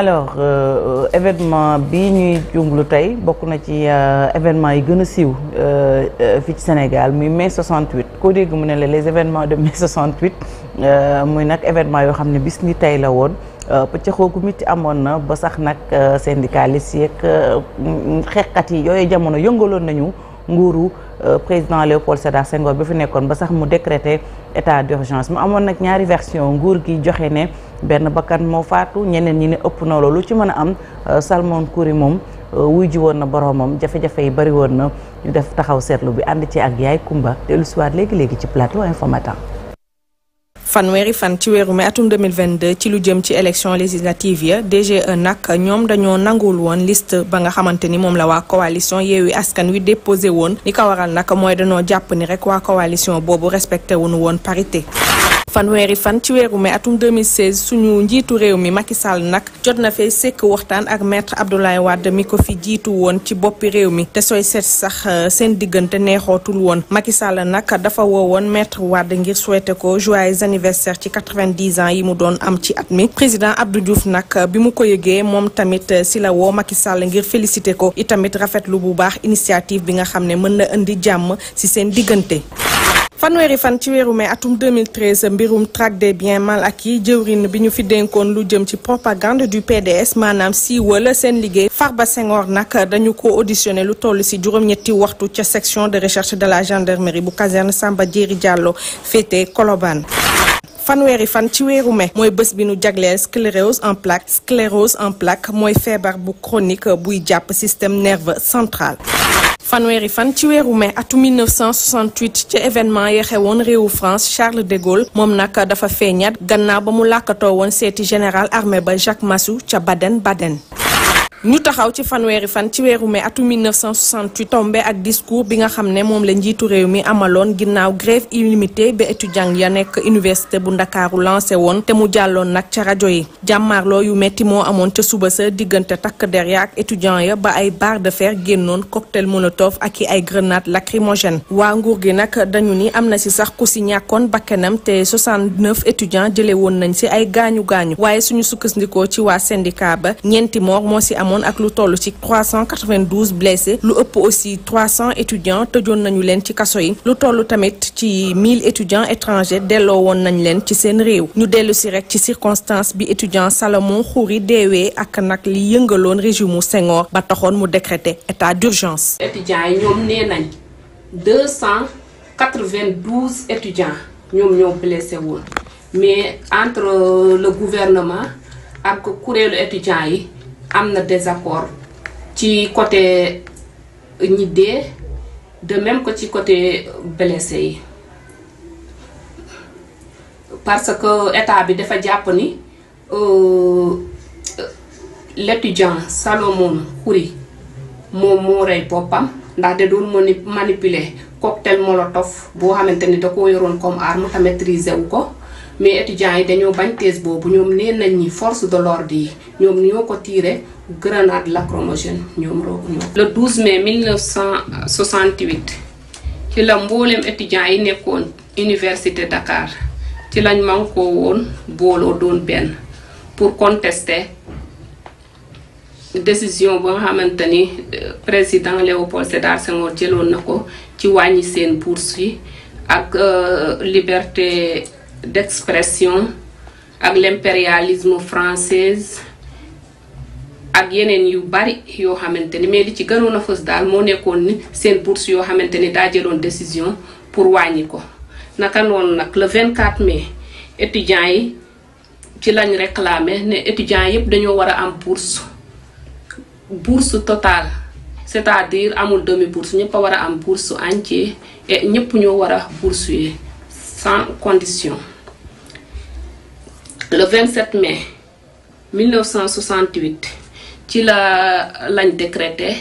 alors euh, euh, événement bi ñuy junglu tey bokk na ci euh, événement yi gën a siiw fii ci Sénégal muy mai 68 koo dégg mu ne la les événements de mai 68 muy nag événement yoo xam ne bis ni tey la woon pëccëxoo gu metti amoon na ba sax nag syndicalistes yeeg xeexkat yi yooyu jamono yëngaloon nañu nguuru président Léopold Sédar Senghor ba fi nekkoon ba sax mu decrété état d'urgence mu amoon nag ñaari version nguur gi joxe ne. benn bakkan moo faatu ñeneen ñi ne ëpp na loolu ci mën a am euh, Salmon Khoury moom euh, wuy ji woon na boroomam jafe-jafe yi bari woon na ñu def taxaw seetlu bi ànd ci ak yaay Kumba te lu siwaat léegi-léegi ci plateau Infos Matin fanweeri fan ci weeru mai atum 2022 ci lu jëm ci élection législative ya DGE nag ñoom dañoo nanguwul woon list ba nga xamante ni moom la waa coalition Yewwi Askan Wi déposé woon li ko waral nag mooy dañoo jàpp ni rek waa coalition boobu respecté wuñu woon parité fanweeri fan ci weeru mai atum 2016 suñu njiitu réew mi Macky Sall nag jot na fay sekk waxtaan ak maître Abdoulaye Wade mi ko fi jiitu woon ci boppi réew mi te sooy seet sax euh, seen diggante neexootul woon Macky Sall nag dafa woowoon maître Wade ngir souhaité ko joyeux anniversaire ci 90 ans yi mu doon am ci at mi président Abdou Diouf nag euh, bi mu ko yëgee moom tamit euh, si la woo Macky Sall ngir félicité ko itamit rafetlu bu baax initiative bi nga xam ne mën na indi jàmm ci seen diggante fanweeri fan ci weeru mai atum 2013 mbirum traque des biens mal acquis jëwrin bi ñu fi denkoon lu jëm ci propagande du PDS maanaam siiwal seen liggéey Farba Senghor nag dañu ko auditionné lu toll si juróom-ñetti waxtu ca section de recherche de la gendarmerie bu caserne Samba Diéry jàlloo féete Colobane fanweeri fan ci weeru mai mooy bés bi nu jagleel sclérose en plaque sclérose en plaque mooy feebar bu chronique buy jàpp système nerveux central. fanweeri fan ci weeru mai atu 1968 ci événement ya xewoon réewu France Charles de Gaulle moom nag dafa feeñaat gannaaw ba mu làkkatoo woon seeti général armée ba Jacques Massou ca Baden Baden. ñu taxaw ci fanweeri fan ci weeru mai atum 1968 tombé ak discours bi nga xam ne moom la njiitu réew mi amaloon ginnaaw grève illimité ba étudiant ya nekk université bu ndakaaru lancé woon te mu jàlloon nag ca rajo yi jàmmaarloo yu metti moo amoon ca suba sa diggante takk der ya ak étudiant ya ba ay barre de fer génnoon cocktail molotov ak i ay grenade lacrymogène waa nguur gi nag dañu ni am na si sax ku si ñàkkoon bakkanam te 69 étudiants jële woon nañ si ay gaañu gaañu waaye suñu sukkandikoo ci waa syndicat ba ñeenti moor moo si amoon amoon ak lu toll ci 392 blessés lu ëpp aussi 300 étudiants tëjoon nañu leen ci kaso yi lu toll tamit ci 1000 étudiants étrangers delloo woon nañ leen ci seen réew ñu dellu si rek ci circonstance bi étudiant Salomon Khoury deewee ak nag li yëngaloon régime Senghor ba taxoon mu décréter état d'urgence. étudiants yi ñoom nee nañ 292 étudiants ñoom ñoo blessé woon mais entre le gouvernement ak kuréelu étudiants yi. am na désaccord ci côté ñi dee de même que ci côté blessé yi parce que état bi dafa jàpp ni euh, l'étudiant Salomon Khoury moom moo rey boppam ndax de doon mani manipuler cocktail molotov boo xamante ni da ko yoroon comme arme te wu ko mais étudiants yi dañoo bañ thèse boobu ñoom nee nañ ñi force de l'ordre yi ñoom ñoo ko tiire grenade lacrymogène ñoom roobu ñoo le 12 mai ci la mbooleem étudiants yi nekkoon université Dakar ci lañ mànkoo woon booloo doon benn pour contester décision ba nga xamante ni euh, président Léopold Sédar Senghor jëloon na ko ci wàññi seen bourse yi ak euh, liberté d'expression ak l'impérialisme française ak yeneen yu bari yoo xamante ni mais li ci gënoon a fës daal moo nekkoon ni seen bourse yoo xamante ni daa jëloon décision pour wàññi ko naka noon nag le 24 mai étudiants yi ci lañ réclamer ne étudiants yépp dañoo war a am bourse bourse totale c'est-à-dire amul demi bourse ñépp a war a am bourse entier et ñépp ñoo war a yi sans condition le 27 mai 1968 ci la lañ décrété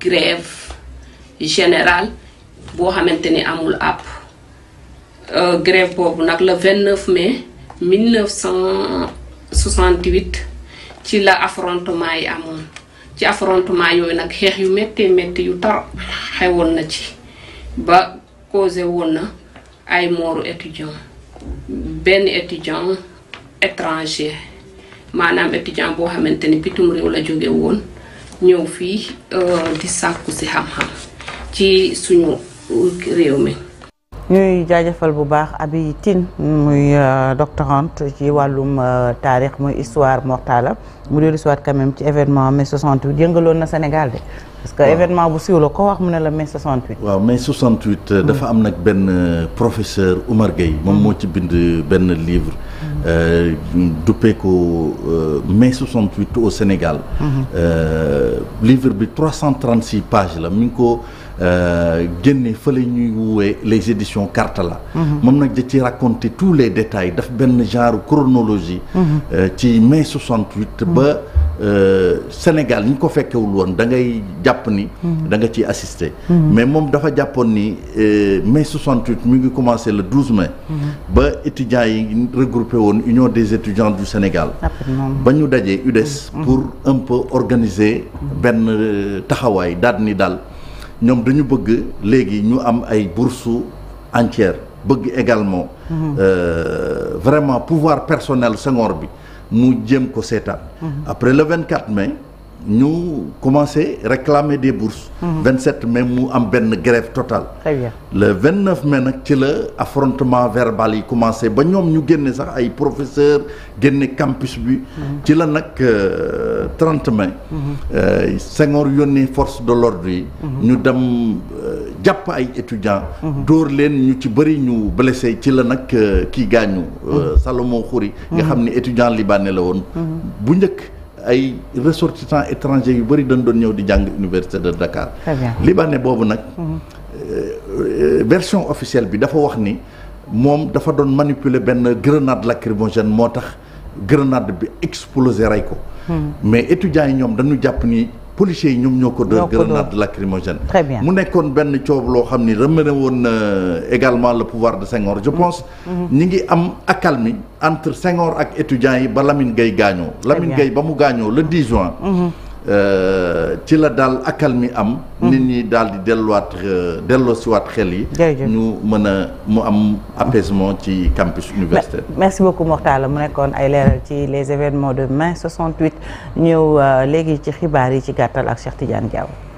grève générale boo xamante ni amul àpp euh, grève boobu nag la 29 mai 1968 ci la affrontement yi amoon ci affrontement yooyu nag xeex yu méttee métti yu tar xewoon na ci ba causé woon na ay mooru étudiant benn étudiant étranger maanaam étudiant boo xamante ni bitum réew la jóge woon ñëw fii euh, di sàkku si xam-xam ci suñu réew mi. ñuy jaajëfal bu baax Abi Tine muy euh, doctorante ci wàllum euh, taarix muy histoire mortale mu dellu si waat quand même ci événement mai 68 yëngaloon na Sénégal de. parce que événement bu siiw la ko wax mu ne la mai 68. waaw mai 68. dafa hmm. am nag benn professeur Oumar Gueye moom hmm. moo ci bind benn livre. Euh, duppee ko euh, mai 68 au Sénégal. Mm-hmm. Euh, livre bi 336 pages la mi ngi ko génne fële ñuy woowee les éditions Cartala. Mm-hmm. moom nag da ci raconter tous les détails daf benn genre chronologie. Mm-hmm. ci mai 68 ba. Euh, Sénégal ñi ko fekkewul woon da ngay jàpp ni. Mhm. da nga ciy assister. Mhm. mais moom dafa jàppoon ni mais euh, mai 68 mu ngi commencé le 12 mai. Mhm. ba étudiants yi regroupé woon Union des étudiants du Sénégal. ba ñu dajee UDES. pour un peu organiser. benn euh, taxawaay daal ni daal ñoom dañu bëgg léegi ñu am ay bourses entières bëgg également. vraiment pouvoir personnel Senghor bi. mu jëm ko seetaan. Mhm. après le 24 mai. ñu commencé réclamer des bourses. 27 mhm. mais mu am benn grève totale. très bien le 29 nag ci la affrontement verbal yi commencé ba ñoom ñu génne sax ay professeurs génne campus bi. Mhm. ci la nag euh, trente mai. Mhm. Euh, Senghor yónnee force de l'ordre yi. ñu dem euh, jàpp ay étudiants. dóor leen ñu ci bëri ñu blessé ci la nag kii gaañu. Salomon Khoury. nga xam ni étudiant libanais la woon. bu njëkk. ay ressortissants étrangers yu bëri dañ doon ñëw di jàng université de Dakar. libanais boobu nag. Mhm. Euh, version officielle bi dafa wax ni moom dafa doon manipuler benn grenade lacrymogène moo tax grenade bi explosé rey ko. Mhm. mais étudiants yi ñoom dañu jàpp ni. policiers yi ñoom ñoo ko dóor grenade lacrymogène très bien mu nekkoon benn coow loo xam ni remené woon également la pouvoir de Senghor je pense mhm. ñi ngi am accalmie entre Senghor ak étudiants yi ba Lamine Gueye gaañoo Lamine Gueye ba mu gaañoo le 10 juin mhm. Euh, ci la daal akal mi am. Hmm. nit ñi daal di delluwaat euh, xel yi. ñu mën a mu am apaisement ci campus universitaire. merci beaucoup Mokhtar la mu nekkoon ay leeral ci les événements de mai 68 ñëw euh, léegi ci xibaar yi ci gàttal ak Cheikh Tidiane Diaw.